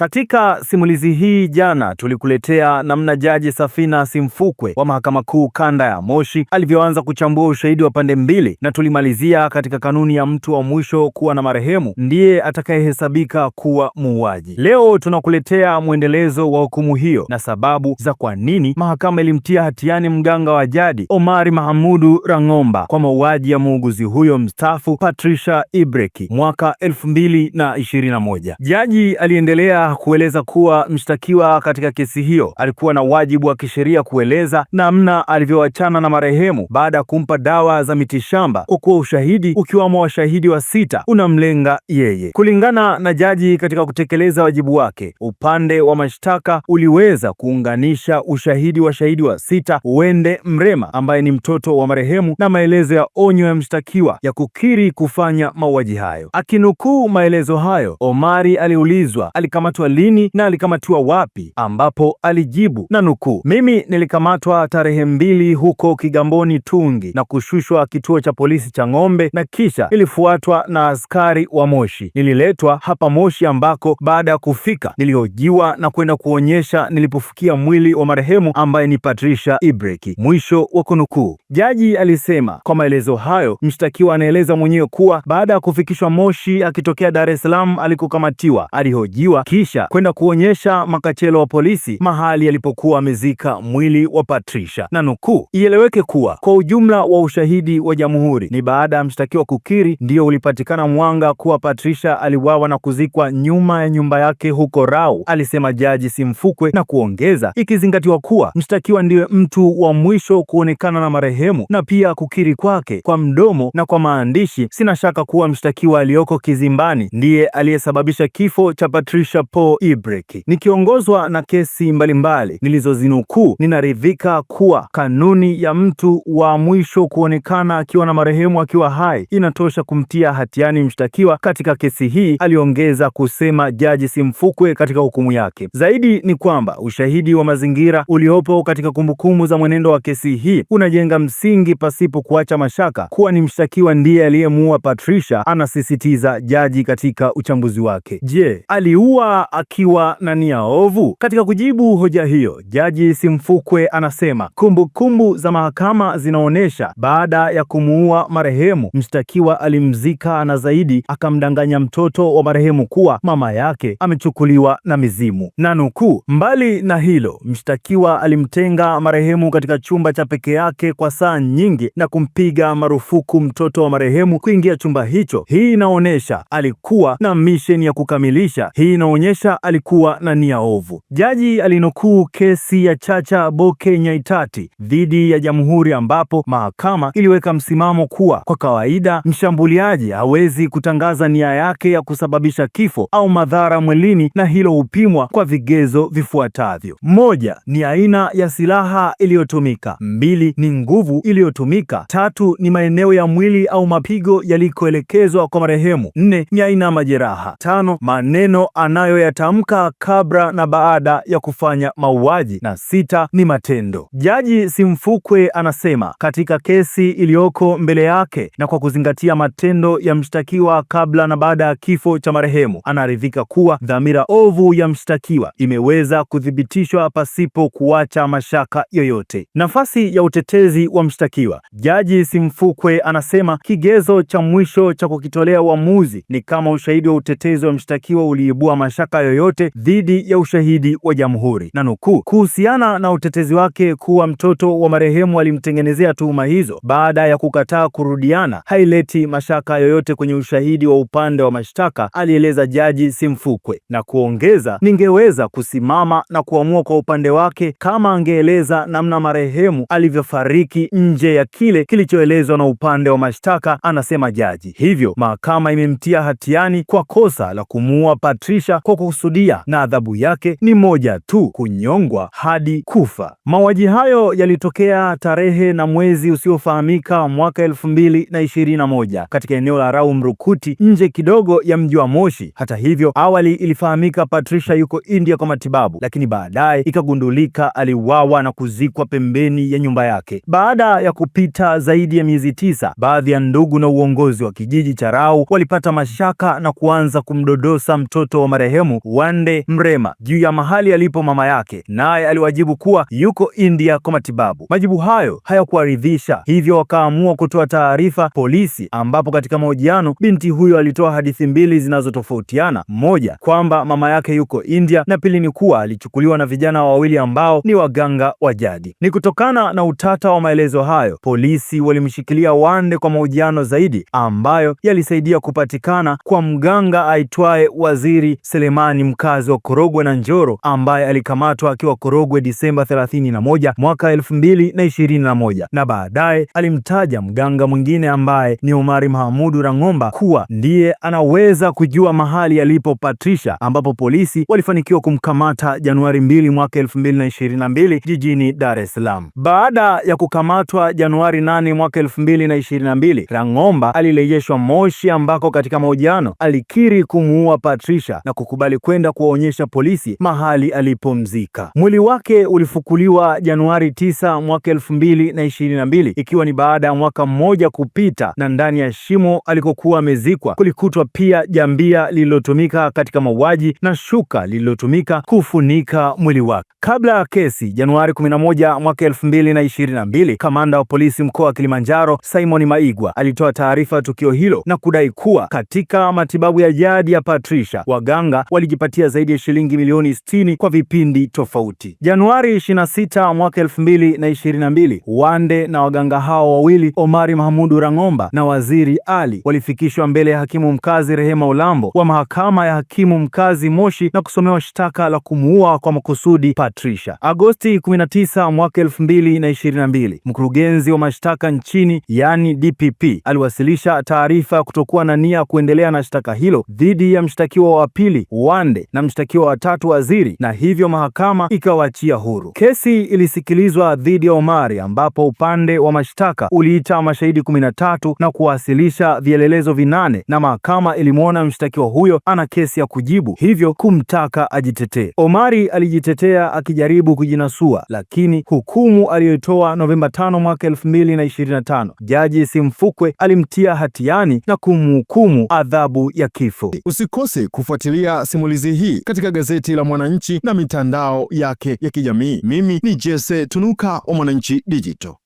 Katika simulizi hii jana tulikuletea namna Jaji Safina Simfukwe wa Mahakama Kuu Kanda ya Moshi alivyoanza kuchambua ushahidi wa pande mbili, na tulimalizia katika kanuni ya mtu wa mwisho kuwa na marehemu ndiye atakayehesabika kuwa muuaji. Leo tunakuletea mwendelezo wa hukumu hiyo na sababu za kwa nini mahakama ilimtia hatiani mganga wa jadi Omari Mahamudu Rang'omba kwa mauaji ya muuguzi huyo mstaafu Patricia Ibreki mwaka 2021. Jaji aliendelea kueleza kuwa mshtakiwa katika kesi hiyo alikuwa na wajibu wa kisheria kueleza namna alivyoachana na marehemu baada ya kumpa dawa za mitishamba, kwa kuwa ushahidi ukiwamo washahidi wa sita unamlenga yeye. Kulingana na jaji, katika kutekeleza wajibu wake, upande wa mashtaka uliweza kuunganisha ushahidi wa shahidi wa sita Wende Mrema ambaye ni mtoto wa marehemu na maelezo ya onyo ya mshtakiwa ya kukiri kufanya mauaji hayo. Akinukuu maelezo hayo, Omari aliulizwa alikama alikamatwa lini na alikamatiwa wapi, ambapo alijibu na nukuu, mimi nilikamatwa tarehe mbili huko Kigamboni Tungi na kushushwa kituo cha polisi cha Ng'ombe na kisha nilifuatwa na askari wa Moshi. Nililetwa hapa Moshi ambako baada ya kufika nilihojiwa na kwenda kuonyesha nilipofikia mwili wa marehemu ambaye ni Patricia Ibreki. Mwisho wa kunukuu. Jaji alisema kwa maelezo hayo mshtakiwa anaeleza mwenyewe kuwa baada ya kufikishwa Moshi akitokea Dar es Salaam alikokamatiwa alihojiwa kisha Patricia kwenda kuonyesha makachelo wa polisi mahali alipokuwa amezika mwili wa Patricia, na nukuu, ieleweke kuwa kwa ujumla wa ushahidi wa jamhuri ni baada ya mshtakiwa kukiri ndio ulipatikana mwanga kuwa Patricia aliwawa na kuzikwa nyuma ya nyumba yake huko Rau, alisema Jaji Simfukwe na kuongeza, ikizingatiwa kuwa mshtakiwa ndiye mtu wa mwisho kuonekana na marehemu na pia kukiri kwake kwa mdomo na kwa maandishi, sina shaka kuwa mshtakiwa aliyoko kizimbani ndiye aliyesababisha kifo cha Patricia Paul. Michael Ibrik. Nikiongozwa na kesi mbalimbali nilizozinukuu, ninaridhika kuwa kanuni ya mtu wa mwisho kuonekana akiwa na marehemu akiwa hai inatosha kumtia hatiani mshtakiwa katika kesi hii, aliongeza kusema Jaji Simfukwe katika hukumu yake. Zaidi ni kwamba ushahidi wa mazingira uliopo katika kumbukumbu za mwenendo wa kesi hii unajenga msingi pasipo kuacha mashaka kuwa ni mshtakiwa ndiye aliyemuua Patricia, anasisitiza jaji katika uchambuzi wake. Je, aliua akiwa na nia ovu? Katika kujibu hoja hiyo, Jaji Simfukwe anasema kumbukumbu kumbu za mahakama zinaonyesha baada ya kumuua marehemu, mshtakiwa alimzika na zaidi akamdanganya mtoto wa marehemu kuwa mama yake amechukuliwa na mizimu, na nukuu, mbali na hilo, mshtakiwa alimtenga marehemu katika chumba cha peke yake kwa saa nyingi na kumpiga marufuku mtoto wa marehemu kuingia chumba hicho. Hii inaonyesha alikuwa na misheni ya kukamilisha. Hii inaonyesha kuonyesha alikuwa na nia ovu. Jaji alinukuu kesi ya Chacha Boke Nyaitati dhidi ya Jamhuri, ambapo mahakama iliweka msimamo kuwa kwa kawaida mshambuliaji hawezi kutangaza nia yake ya kusababisha kifo au madhara mwilini, na hilo hupimwa kwa vigezo vifuatavyo: moja, ni aina ya silaha iliyotumika; mbili, ni nguvu iliyotumika; tatu, ni maeneo ya mwili au mapigo yalikoelekezwa kwa marehemu; nne, ni aina ya majeraha; tano, maneno anayo aliyoyatamka kabla na baada ya kufanya mauaji, na sita ni matendo. Jaji Simfukwe anasema katika kesi iliyoko mbele yake na kwa kuzingatia matendo ya mshtakiwa kabla na baada ya kifo cha marehemu, anaridhika kuwa dhamira ovu ya mshtakiwa imeweza kuthibitishwa pasipo kuacha mashaka yoyote. Nafasi ya utetezi wa mshtakiwa. Jaji Simfukwe anasema kigezo cha mwisho cha kukitolea uamuzi ni kama ushahidi wa utetezi wa mshtakiwa uliibua mashaka mashtaka yoyote dhidi ya ushahidi wa jamhuri, na nukuu, kuhusiana na utetezi wake kuwa mtoto wa marehemu alimtengenezea tuhuma hizo baada ya kukataa kurudiana haileti mashaka yoyote kwenye ushahidi wa upande wa mashtaka, alieleza Jaji Simfukwe na kuongeza, ningeweza kusimama na kuamua kwa upande wake kama angeeleza namna marehemu alivyofariki nje ya kile kilichoelezwa na upande wa mashtaka, anasema jaji. Hivyo mahakama imemtia hatiani kwa kosa la kumuua Patricia kwa kukusudia, na adhabu yake ni moja tu, kunyongwa hadi kufa. Mauaji hayo yalitokea tarehe na mwezi usiofahamika mwaka elfu mbili na ishirini na moja katika eneo la Rau Mrukuti, nje kidogo ya mji wa Moshi. Hata hivyo, awali ilifahamika Patricia yuko India kwa matibabu, lakini baadaye ikagundulika aliuawa na kuzikwa pembeni ya nyumba yake. Baada ya kupita zaidi ya miezi tisa, baadhi ya ndugu na uongozi wa kijiji cha Rau walipata mashaka na kuanza kumdodosa mtoto wa marehemu marehemu Wande Mrema juu ya mahali alipo mama yake, naye aliwajibu kuwa yuko India kwa matibabu. Majibu hayo hayakuwaridhisha, hivyo wakaamua kutoa taarifa polisi, ambapo katika mahojiano binti huyo alitoa hadithi mbili zinazotofautiana: moja, kwamba mama yake yuko India, na pili ni kuwa alichukuliwa na vijana wawili ambao ni waganga wa jadi. Ni kutokana na utata wa maelezo hayo, polisi walimshikilia Wande kwa mahojiano zaidi ambayo yalisaidia kupatikana kwa mganga aitwaye Waziri Selemani zamani mkazi wa Korogwe na Njoro ambaye alikamatwa akiwa Korogwe Disemba 31 mwaka 2021 na baadaye alimtaja mganga mwingine ambaye ni Omari Mahamudu Rang'omba kuwa ndiye anaweza kujua mahali alipo Patricia, ambapo polisi walifanikiwa kumkamata Januari 2 mwaka 2022 jijini Dar es Salaam. Baada ya kukamatwa Januari 8 mwaka 2022, Rang'omba alirejeshwa Moshi ambako katika mahojiano alikiri kumuua Patricia na kukubali alikwenda kuwaonyesha polisi mahali alipomzika. Mwili wake ulifukuliwa Januari 9 mwaka 2022, ikiwa ni baada ya mwaka mmoja kupita, na ndani ya shimo alikokuwa amezikwa kulikutwa pia jambia lililotumika katika mauaji na shuka lililotumika kufunika mwili wake. Kabla ya kesi, Januari 11 mwaka 2022, kamanda wa polisi mkoa wa Kilimanjaro Simon Maigwa alitoa taarifa ya tukio hilo na kudai kuwa katika matibabu ya jadi ya Patricia waganga walijipatia zaidi ya shilingi milioni 60 kwa vipindi tofauti. Januari 26 mwaka 2022, Wande na waganga hao wawili Omari Mahmudu Rang'omba na Waziri Ali walifikishwa mbele ya hakimu mkazi Rehema Ulambo wa mahakama ya hakimu mkazi Moshi na kusomewa shtaka la kumuua kwa makusudi Patricia. Agosti 19 mwaka 2022, mkurugenzi wa mashtaka nchini yani DPP aliwasilisha taarifa ya kutokuwa na nia kuendelea na shtaka hilo dhidi ya mshtakiwa wa pili Wande na mshtakiwa watatu Waziri, na hivyo mahakama ikawaachia huru. Kesi ilisikilizwa dhidi ya Omari, ambapo upande wa mashtaka uliita mashahidi 13 na kuwasilisha vielelezo vinane, na mahakama ilimwona mshtakiwa huyo ana kesi ya kujibu, hivyo kumtaka ajitetee. Omari alijitetea akijaribu kujinasua, lakini hukumu aliyoitoa Novemba 5 mwaka 2025, Jaji Simfukwe alimtia hatiani na kumhukumu adhabu ya kifo. Usikose kufuatilia simulizi hii katika gazeti la Mwananchi na mitandao yake ya kijamii. Mimi ni Jesse Tunuka wa Mwananchi Digital.